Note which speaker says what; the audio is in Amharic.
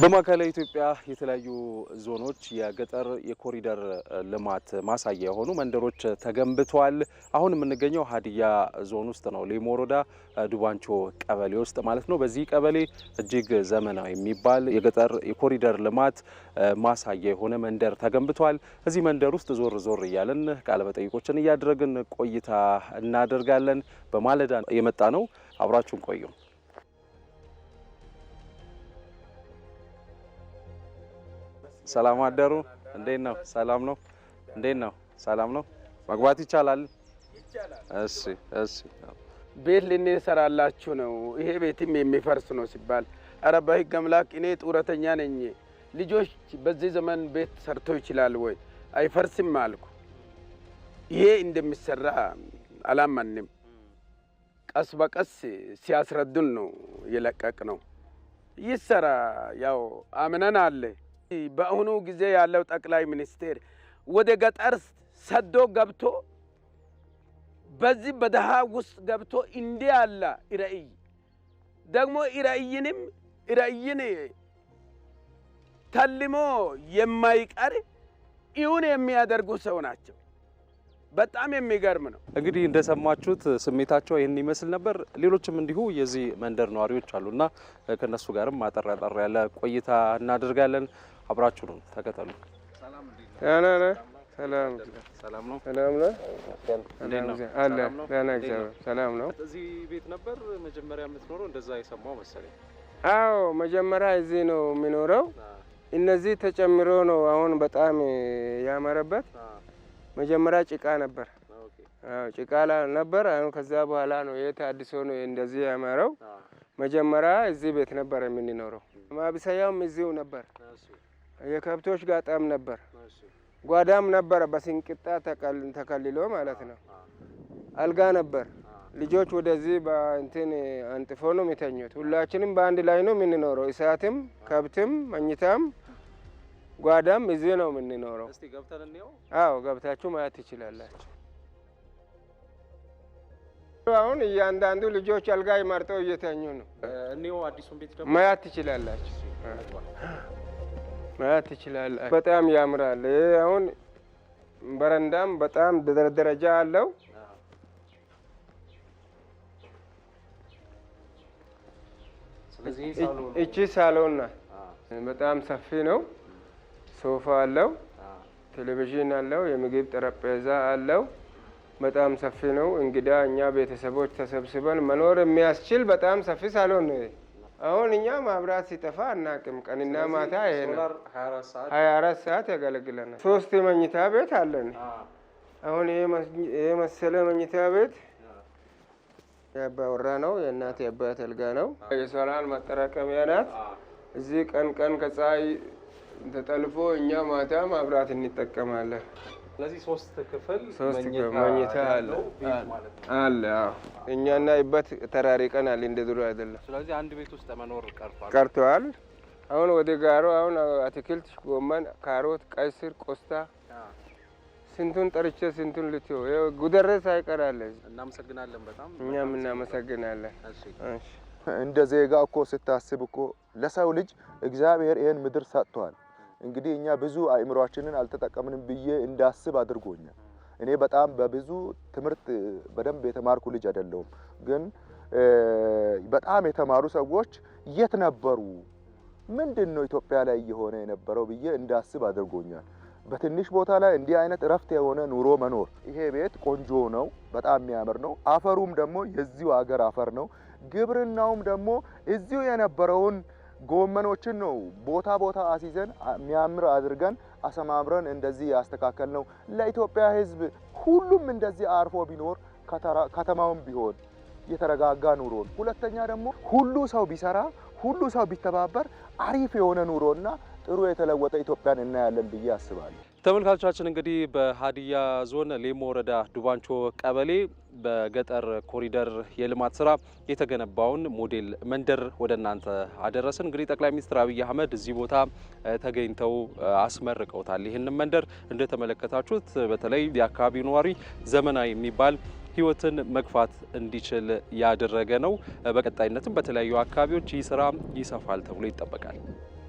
Speaker 1: በማዕከላዊ ኢትዮጵያ የተለያዩ ዞኖች የገጠር የኮሪደር ልማት ማሳያ የሆኑ መንደሮች ተገንብተዋል። አሁን የምንገኘው ሀዲያ ዞን ውስጥ ነው፣ ሌሞ ወረዳ ዱባንቾ ቀበሌ ውስጥ ማለት ነው። በዚህ ቀበሌ እጅግ ዘመናዊ የሚባል የገጠር የኮሪደር ልማት ማሳያ የሆነ መንደር ተገንብተዋል። እዚህ መንደር ውስጥ ዞር ዞር እያለን ቃለ መጠይቆችን እያደረግን ቆይታ እናደርጋለን። በማለዳ የመጣ ነው። አብራችሁን ቆዩ።
Speaker 2: ሰላም አደሩ። እንዴት ነው? ሰላም ነው? እንዴት ነው? ሰላም ነው? መግባት ይቻላል? እሺ፣ እሺ።
Speaker 3: ቤት ልንሰራላችሁ ነው፣ ይሄ ቤትም የሚፈርስ ነው ሲባል ኧረ በህግ አምላክ እኔ ጡረተኛ ነኝ። ልጆች በዚህ ዘመን ቤት ሰርቶ ይችላል ወይ? አይፈርስም አልኩ። ይሄ እንደሚሰራ አላማንም። ቀስ በቀስ ሲያስረዱን ነው የለቀቅ ነው። ይሰራ ያው አምነን አለ በአሁኑ ጊዜ ያለው ጠቅላይ ሚኒስቴር ወደ ገጠር ሰዶ ገብቶ በዚህ በደሃ ውስጥ ገብቶ እንዲህ አለ ራዕይ ደግሞ ራዕይንም ራዕይን ተልሞ የማይቀር ይሁን የሚያደርጉ ሰው ናቸው። በጣም የሚገርም ነው።
Speaker 1: እንግዲህ እንደሰማችሁት ስሜታቸው ይህን ይመስል ነበር። ሌሎችም እንዲሁ የዚህ መንደር ነዋሪዎች አሉና ከነሱ ጋርም አጠር አጠር ያለ ቆይታ እናደርጋለን። አብራችሁ ተከተሉ። ሰላም
Speaker 4: ነው። ሰላም ነው።
Speaker 1: እዚህ ቤት ነበር መጀመሪያ የምትኖረው? እንደዛ የሰማው መሰለኝ።
Speaker 4: አዎ መጀመሪያ እዚህ ነው የሚኖረው። እነዚህ ተጨምሮ ነው አሁን በጣም ያመረበት። መጀመሪያ ጭቃ ነበር፣ ጭቃ ነበር። አሁን ከዛ በኋላ ነው የት አዲስ ነው እንደዚህ ያመረው። መጀመሪያ እዚህ ቤት ነበር የምንኖረው። ማብሰያውም እዚሁ ነበር። የከብቶች ጋጣም ነበር፣ ጓዳም ነበረ። በስንቅጣ ተከልሎ ማለት ነው። አልጋ ነበር። ልጆች ወደዚህ በእንትን አንጥፎ ነው የሚተኙት። ሁላችንም በአንድ ላይ ነው የምንኖረው። እሳትም፣ ከብትም፣ መኝታም፣ ጓዳም እዚህ ነው የምንኖረው። አዎ ገብታችሁ ማየት ትችላላችሁ። አሁን እያንዳንዱ ልጆች አልጋ ይመርጠው እየተኙ ነው። ማየት ትችላላችሁ። ማየት ትችላለህ። በጣም ያምራል። አሁን በረንዳም በጣም ደረጃ አለው። እቺ ሳሎን ናት። በጣም ሰፊ ነው። ሶፋ አለው፣ ቴሌቪዥን አለው፣ የምግብ ጠረጴዛ አለው። በጣም ሰፊ ነው። እንግዳ እኛ ቤተሰቦች ተሰብስበን መኖር የሚያስችል በጣም ሰፊ ሳሎን ነው። አሁን እኛ ማብራት ሲጠፋ አናቅም። ቀንና ማታ ይሄ ነው፣ ሀያ አራት ሰዓት ያገለግለናል። ሶስት መኝታ ቤት አለን። አሁን ይሄ መሰለ መኝታ ቤት የአባወራ ነው፣ የእናት የአባት አልጋ ነው። የሶላር ማጠራቀሚያ ናት። እዚህ ቀን ቀን ከፀሐይ ተጠልፎ እኛ ማታ ማብራት እንጠቀማለን።
Speaker 1: ስለዚህ ሶስት ክፍል
Speaker 4: መኝታ አለ። እኛና ይበት ተራሪቀናል። እንደ ድሮ አይደለም።
Speaker 1: ስለዚህ አንድ ቤት ውስጥ መኖር
Speaker 4: ቀርተዋል። አሁን ወደ ጋሮ አሁን አትክልት፣ ጎመን፣ ካሮት፣ ቀይ ስር፣ ቆስታ ስንቱን ጠርቼ ስንቱን ልትዮ ጉደረ ሳይቀራለን።
Speaker 1: እናመሰግናለን። በጣም
Speaker 4: እኛም እናመሰግናለን።
Speaker 5: እንደ ዜጋ እኮ ስታስብ እኮ ለሰው ልጅ እግዚአብሔር ይህን ምድር ሰጥቷል። እንግዲህ እኛ ብዙ አእምሯችንን አልተጠቀምንም ብዬ እንዳስብ አድርጎኛል። እኔ በጣም በብዙ ትምህርት በደንብ የተማርኩ ልጅ አይደለሁም፣ ግን በጣም የተማሩ ሰዎች የት ነበሩ፣ ምንድን ነው ኢትዮጵያ ላይ እየሆነ የነበረው ብዬ እንዳስብ አድርጎኛል። በትንሽ ቦታ ላይ እንዲህ አይነት እረፍት የሆነ ኑሮ መኖር። ይሄ ቤት ቆንጆ ነው፣ በጣም የሚያምር ነው። አፈሩም ደግሞ የዚሁ አገር አፈር ነው። ግብርናውም ደግሞ እዚሁ የነበረውን ጎመኖችን ነው ቦታ ቦታ አስይዘን የሚያምር አድርገን አሰማምረን እንደዚህ ያስተካከል ነው። ለኢትዮጵያ ሕዝብ ሁሉም እንደዚህ አርፎ ቢኖር ከተማውም ቢሆን የተረጋጋ ኑሮን፣ ሁለተኛ ደግሞ ሁሉ ሰው ቢሰራ ሁሉ ሰው ቢተባበር አሪፍ የሆነ ኑሮና ጥሩ የተለወጠ ኢትዮጵያን እናያለን ብዬ አስባለሁ።
Speaker 1: ተመልካቾቻችን እንግዲህ በሀዲያ ዞን ሌሞ ወረዳ ዱባንቾ ቀበሌ በገጠር ኮሪደር የልማት ስራ የተገነባውን ሞዴል መንደር ወደ እናንተ አደረስን። እንግዲህ ጠቅላይ ሚኒስትር አብይ አህመድ እዚህ ቦታ ተገኝተው አስመርቀውታል። ይህንን መንደር እንደተመለከታችሁት በተለይ የአካባቢው ነዋሪ ዘመናዊ የሚባል ህይወትን መግፋት እንዲችል ያደረገ ነው። በቀጣይነትም በተለያዩ አካባቢዎች ይህ ስራ ይሰፋል ተብሎ ይጠበቃል።